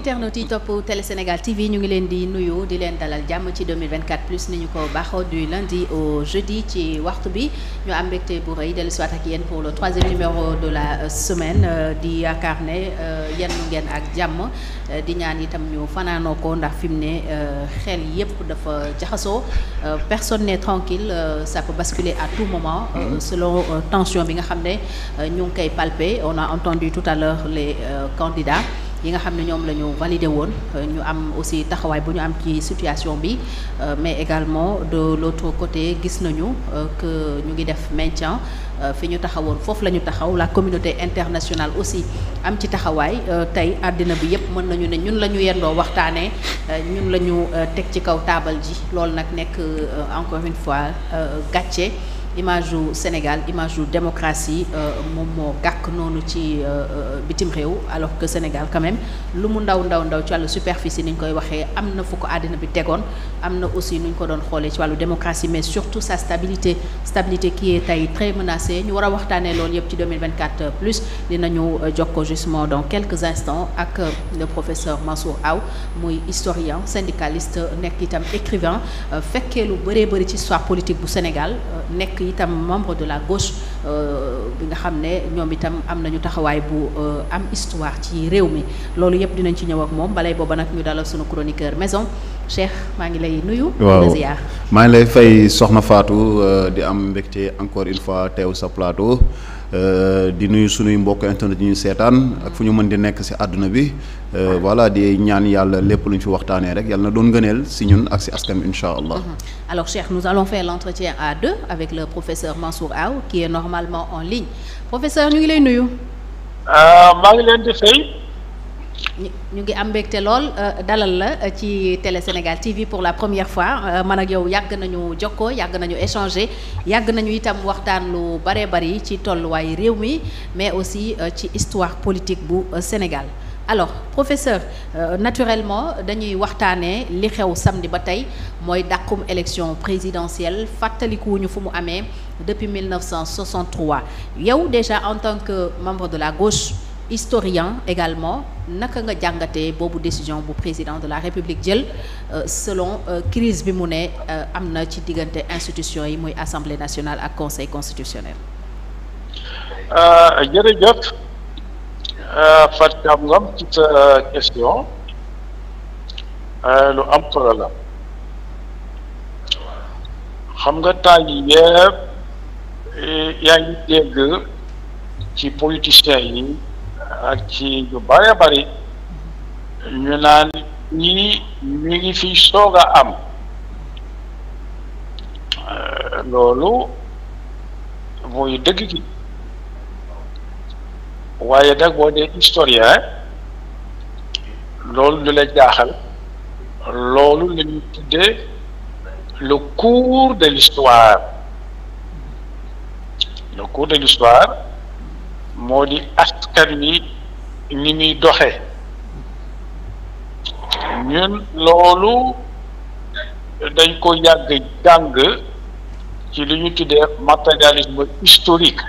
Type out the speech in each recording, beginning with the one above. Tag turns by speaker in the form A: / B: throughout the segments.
A: internet yi topp Télé TV ñu ngi leen di nuyu di leen dalal jàmm ci 2024 plus ni ñu ko baaxoo du lundi au jeudi ci waxtu bi ñu am mbégte bu rëy dellu siwaat ak yéen pour le troisième numéro de la euh, semaine euh, di yaakaar ne euh, yenn ngeen ak jàmm di ñaan itam ñu fanaanoo ko ndax fi mu ne xel yépp dafa jaxasoo personne n'est tranquille ça peut basculer à tout moment mm-hmm. selon tension bi nga xam ne ñu ngi koy palper on a entendu tout à l'heure les candidats yi nga xam ne ñoom la ñu validé woon euh, ñu am aussi taxawaay bu ñu am ci situation bi euh, mais également de l'autre côté gis nañu euh, que ñu ngi def maintien fi ñu taxawoon foofu la ñu taxaw la communauté internationale aussi am ci taxawaay tey àddina bi yépp mën nañu ne ñun la ñu yendoo waxtaanee ñun la ñu teg ci kaw taabal ji loolu nag nekk encore une fois gàcce image yu Sénégal image yu démocratie euh, moom moo gàkk noonu ci euh, euh, bitim réew alors que Sénégal quand lu mu ndaw ndaw ndaw ci wàllu superficie ni ñu koy waxee am na fu ko àddina bi tegoon am na aussi nu ñu ko doon xoolee ci wàllu démocratie mais surtout sa stabilité stabilité qui est tey très menacée ñu war a waxtaanee loolu yëpp ci 2024 plus dinañu jokkoo justement dans quelques instants ak le professeur Mansour Aw muy historien syndicaliste nekk itam écrivain fekkee lu bëree bëri ci histoire politique bu Sénégal nekk itam membre de la gauche euh, bi nga xam ne ñoom itam am nañu taxawaay bu euh, am histoire ci réew mi loolu yëpp dinañ ci ñëw moom balay booba nag ñu dalal sunu chroniqueur maison Cheikh maa ngi lay nuyu. waaw maa ngi lay fay soxna Fatou euh, di am mbégte encore une fois teew sa plateau. Euh, di nuyu sunuy mbokk internet ñu seetaan ak fu ñu mën di nekk si àdduna bi euh, voilà di ñaan yàlla lépp lu ñu fi waxtaanee rek yàlla na doon ngëneel si ñun ak si askan incha allah. Mm-hmm. alors Cheikh nous allons faire l'entretien à deux avec le professeur Mansour Aw qui est normalement en ligne professeur ñu ngi lay nuyu. Euh, maa ngi leen di ñu ngi am mbégte lool euh, dalal la euh, ci Télé Sénégal TV pour la première fois euh, man ak yow yàgg nañu jokkoo yàgg nañu échanger yàgg nañu itam waxtaan lu bare bari ci tolluwaayu réew mi mais aussi ci histoire politique bu Sénégal alors professeur naturellement dañuy waxtaanee li xew samdi ba tey mooy dàqum élection présidentielle fàttalikuwuñu fu mu amee depuis 1963 yow déjà en tant que membre de la gauche historien également naka nga jàngatee boobu décision bu président de la république jël euh, selon euh, crise bi mu ne euh, am na ci diggante institution yi muy assemblée nationale ak conseil constitutionnel.
B: jërëjëf Fatou Thiam Ngom ci nga temps yi yëpp yaa ngi dégg ci politiciens yi. ak ci yu bare bari ñu naan ñii mi ngi fi soog a am euh, loolu mooy dëgg gi waaye nag boo dee historien loolu du la jaaxal loolu la ñu tuddee le cours de l'histoire le cours de l'histoire moo di askan wi ni muy doxee ñun loolu dañ ko yàgg jàng ci lu ñu tuddee matérialisme historique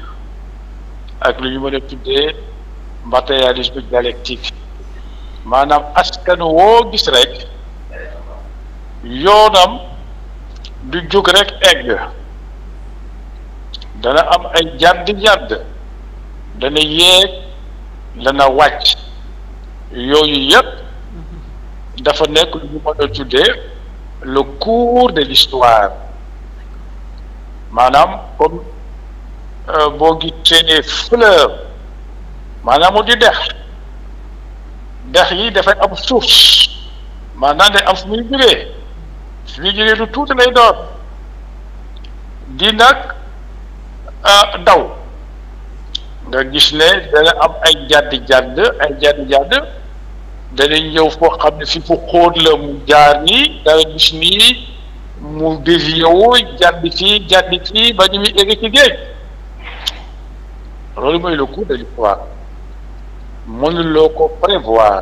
B: ak li ñu mën a tuddee matérialisme dialectique maanaam askan woo gis rek yoonam du jóg rek egg dana am ay jàdd jàdd dana yéeg dana wàcc yooyu yëpp dafa nekk lu ñu mën a tuddee le de l'histoire maanaam comme euh, boo gisee ne fleur maanaam mu di dex dex yi dafay am suuf maanaam day am fu muy juree fu muy juree lu tuuti lay doon di nag euh, daw nga gis ne dana am ay jàdd jàdd ay jàdd jàdd danañ ñëw foo xam ne fi fu xóot la mu jaar nii dana gis nii mu dévié wu jàdd fii jàdd fii ba ñu muy egg ci géej loolu mooy le coût de l'histoire mënuloo ko prévoir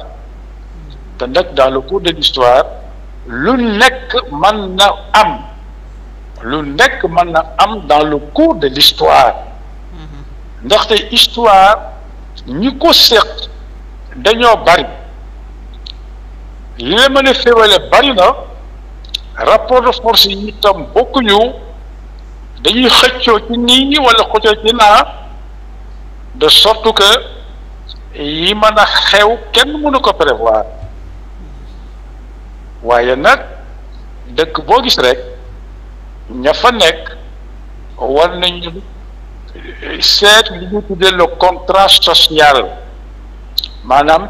B: te nag dans cours de l'histoire lu nekk mën na am lu nekk mën na am dans le cours de l'histoire ndaxte histoire ñi ko seq dañoo bari li la mën a féewale bari na rapport de force yi itam bokkuñu dañuy xëccoo ci nii wala xëccoo ci naa de sorte que yi mën a xew kenn mënu ko prévoir waaye nag dëkk boo gis rek ña fa nekk war nañu. seet li ñu tuddee le contrat social maanaam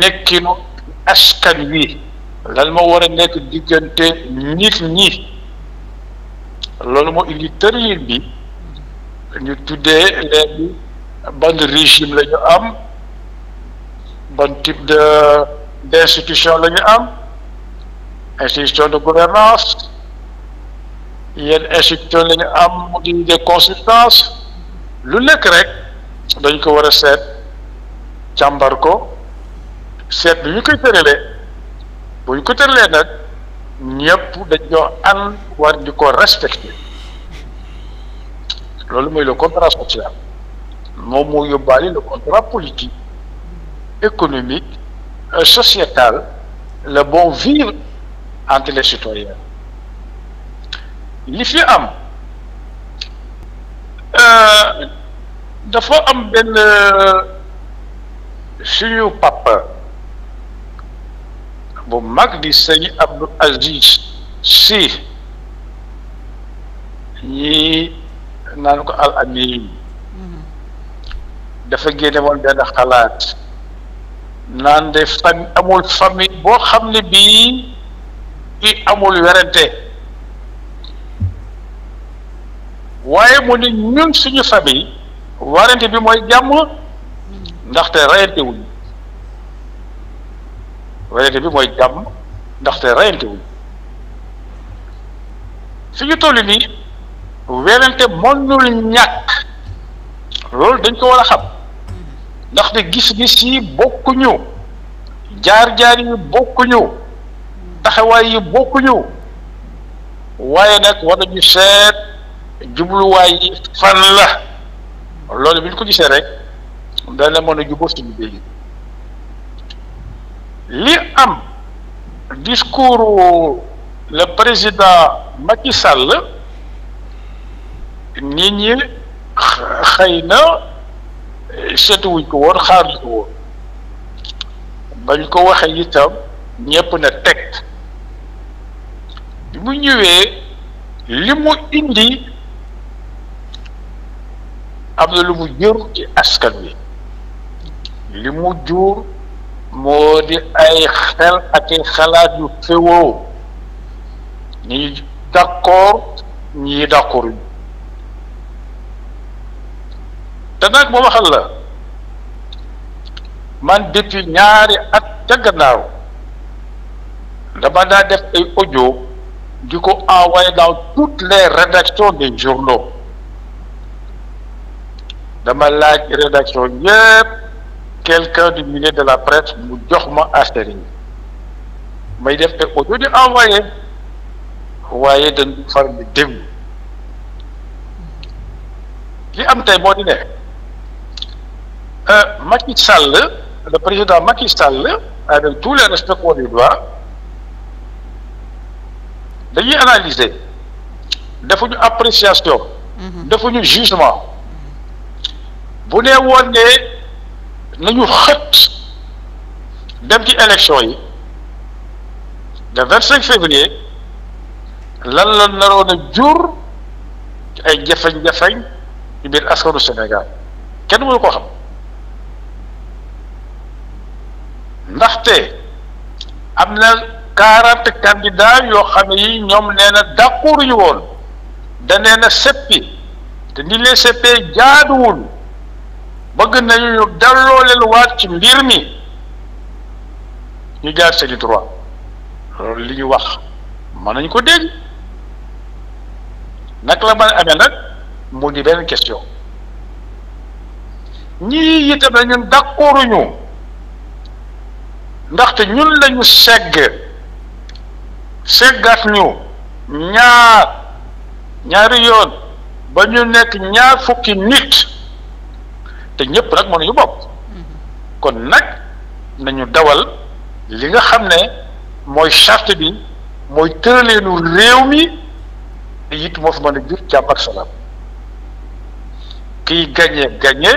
B: nekkinu askan wi lan moo war a nekk diggante nit ñi loolu moo indi tërlin bi ñu tuddee léegi ban régime lañu am ban type de d' institution la ñu am institution de gouvernance yéen instructeur la ñu am di des consultance lu nekk rek dañ ko war a seet càmbar ko seet bi ñu koy tëralee bu ñu ko tëralee nag ñëpp dañoo ànd war di ko respecté loolu mooy le contrat social moom moo yóbbaale le contrat politique économique sociétal le bon vivre entre les citoyens li fi am euh, dafa am benn euh, suñu papa bu mag di sëñ Abdou Aziz si ñii naan ko al amin mm-hmm. dafa génne woon benn xalaat naan de fam amul famille boo xam ne bii i amul werante waaye mu ni ñun suñu famille warante bi mooy jàmm ndaxte rayante wuñ bi mooy jàmm ndaxte rayante wuñ suñu toll nii werante mënul ñàkk loolu dañ ko war a xam ndaxte gis-gis yi bokkuñu jaar-jaar yi bokkuñu taxawaay yi bokkuñu waaye nag war nañu seet jubluwaay yi fan la loolu bi ñu ko gisee rek dana mën a jubóo suñu béy li am discours le président Macky Sall nit ñi xëy na seetuwuñ ko woon xaaruñ ko woon bañ ko waxee itam ñëpp na teg bi mu ñëwee li mu indi. am na lu mu jur ci askan wi li mu jur moo di ay xel ak i xalaat yu féewoo ñi d'accord ñii d'accord ñu te nag ma waxal la man depuis ñaari at ca gannaaw dama daa def ay ojo di ko envoyé dans toutes les rédactions des journaux dama laaj rédaction yépp quelqu'un du milieu de la presse mu jox ma affaire may def ay audio di envoyé waaye dañ far di li am tey moo di ne euh, Macky Sall le président Macky Sall avec tous les respects qu'on lui doit dañuy analyser defuñu appréciation mm-hmm. defuñu jugement bu nee wonee nañu xët dem ci élection yi le vingt cinq février lan la naroon a jur ay jafeñ-jafeñ ci biir askanu Sénégal kenn mënu ko xam ndaxte am na quarante candidats yoo xam ne yi ñoom nee na dàquuruñu woon da nee na seppi te ni lee seppee jaaduwul bëgg nañu ñu delloo leen waat ci mbir mi ñu jaar seeni droit loolu li ñu wax mën nañ ko dégg nag la mën a amee nag mu di benn question ñii itam na ñun ndaxte ñun lañu segg seggat ñu ñaar ñaari yoon ba ñu nekk ñaar fukki nit te ñëpp nag nañu bokk kon nag nañu dawal li nga xam ne mooy charte bi mooy tëraleenu réew mi te it moo fi mën a jur jàmm ak kiy gañe gañe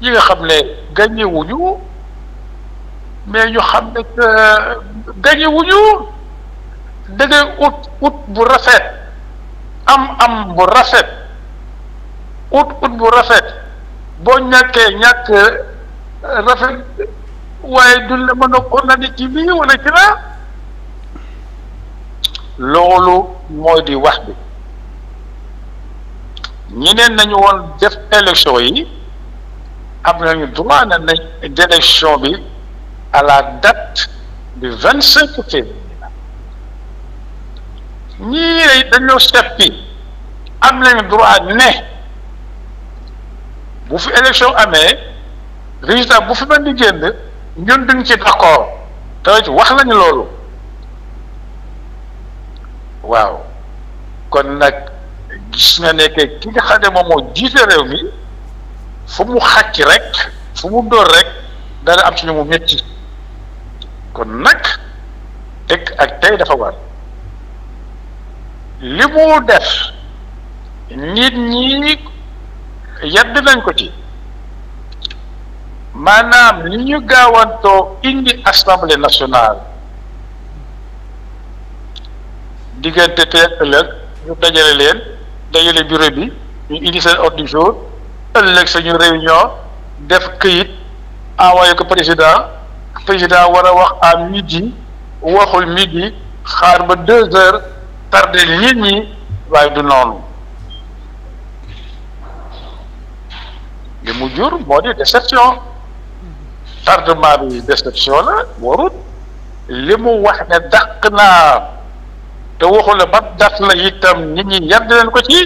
B: yi nga xam ne gañe mais ñu xam ne gañe wuñu da ngay ut ut bu rafet am am bu rafet ut ut bu rafet boo ñàkkee ñàkk euh, rafet waaye du la mën a condamné ci lii wala ci laa loolu mooy di wax bi ñeneen nañu woon def élection yi am nañu droit na nañ élection bi à la date du vingt cinq février ñii dañoo seppi am nañu droit ne bu fi élection amee résultat bu fi mën di génn ñun duñ ci d'accord te wax nañu loolu waaw kon nag gis nga ne ki nga xam moom moo jiite réew mi fu mu xàcc rek fu mu dóor rek dana am ci ñu mu métti kon nag dëkk ak tey dafa war li mu def nit ñi yedd nañ ko ci maanaam li ñu gaawantoo indi assemblée nationale diggante teel ëllëg ñu dajale leen dajale bureau bi ñu indi seen ordre du ëllëg sañu réunion def këyit envoyé ko président président war a wax à midi waxul midi xaar ba deux heures tardé nit ñi waaye du noonu li mu jur moo di déception tardement bi la warut li mu wax ne dàq naa te waxula ba dàq la itam nit ñi yedd leen ko ci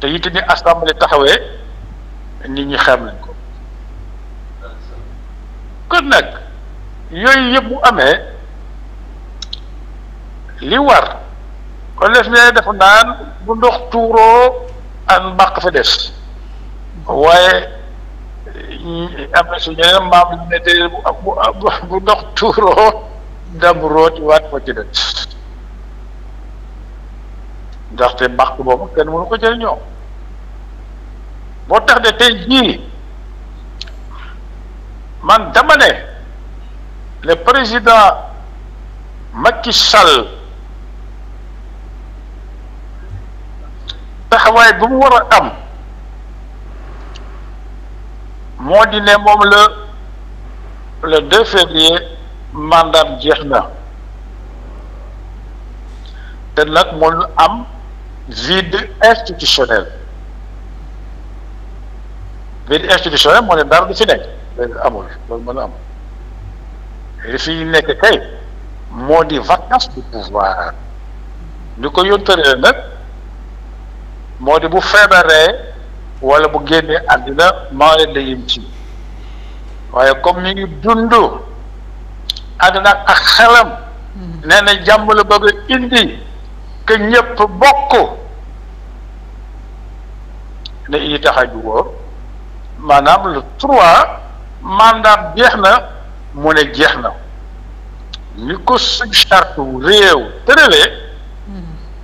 B: te it ni assemblée taxawee nit ñi xam nañ ko kën nag yooyu yëpp bu amee li war kon lef ne dafa naan bu ndox tuuroo an mbaq fa des waaye eh, am na su ñeneen maam ñu bu ndox tuuroo dam root waat fa ci des ndaxte mbàq boobu kenn mënu ko jëriñoo boo tax de tey jii man dama ne le président Macky Sall taxawaay bu mu war am moo di ne moom la le deux février mandat jeex na te nag mënul am vide institutionnel vide institutionnel moo ne dara du fi nekk léegi amul loolu mën a am li nekk kay moo di vacance du pouvoir ñu ko yóntalee nag moo di bu feebaree wala bu génnee àddina mawlid la yim ci waaye comme mi ngi dund àddina ak xelam mm-hmm. neena na jàmm la bëgg indi que ñëpp bokk ne i a jugoo maanaam le trois mandat jeex na mu ne jeex na ni ko suñ charte réew tëralee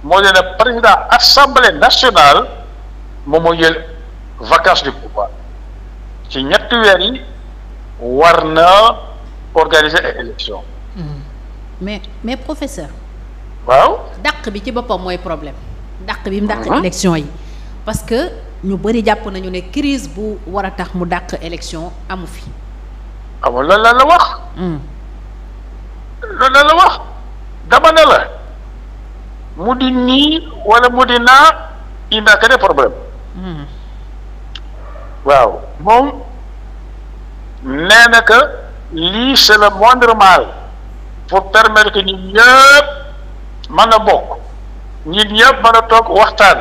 B: moo ne ne président assemblée nationale moom moo jël vacance du pouvoir ci ñetti weer yi war na organiser
A: ay élection hmm. mais mais professeur. waaw daq bi ci boppam mooy problème. dàq bi mu dàq hmm. élection yi. parce que ñu bëri jàpp nañu ne crise bu war a tax mu daq élection amu fi. amul ah lool la wax. Hmm.
B: lan la wax dama ne la. mu di nii wala mu di naa indi que des problèmes hmm. waaw moom nee na que lii c' est le moindre mal pour permettre que ñun ñëpp mën a bokk ñun ñëpp mën a toog waxtaan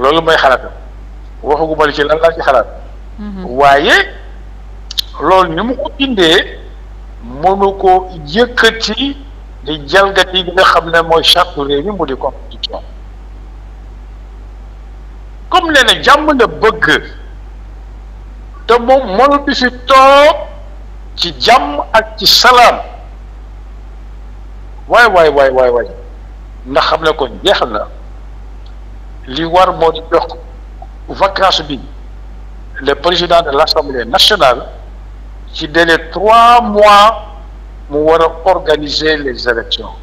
B: loolu mooy xalaatam waxaguma li ci lan laa ci xalaat. Hmm. waaye loolu ni mu ko indee mënu ko yëkkati. di jalgati bi nga xam ne mooy charte réew mi mu di constitution comme nee jàmm la bëgg te moom mënut fi toog ci jàmm ak ci salaam waay waay waay waay waay ndax xam ne ko jeex na li war moo di jox vacance bi le président de l'Assemblée nationale ci délai trois mois mu war a organiser les élections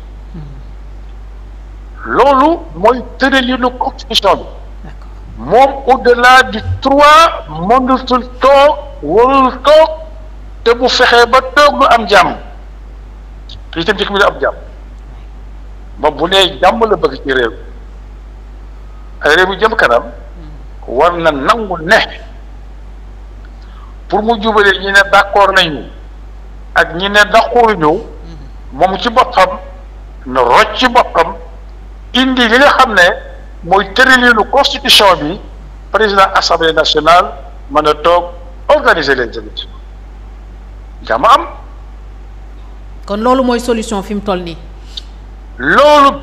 B: loolu mooy tëralinu constitution bi moom au-delà du trois mënatul toog warul toog te bu fexee ba toog lu am jàmm te itam jëkk bi la am jàmm moom bu nee jàmm la bëgg ci réew ay réew yu jëm kanam war na nangu ne pour mu jubalee ñu ne d'accord nañu ak ñi ne daqul ñëw moom ci boppam na roj ci boppam indi li nga xam ne mooy tëralinu constitution bi président assemblée nationale mën a toog organiser les élections jàmm am.
A: kon loolu mooy solution fi mu toll nii. loolu.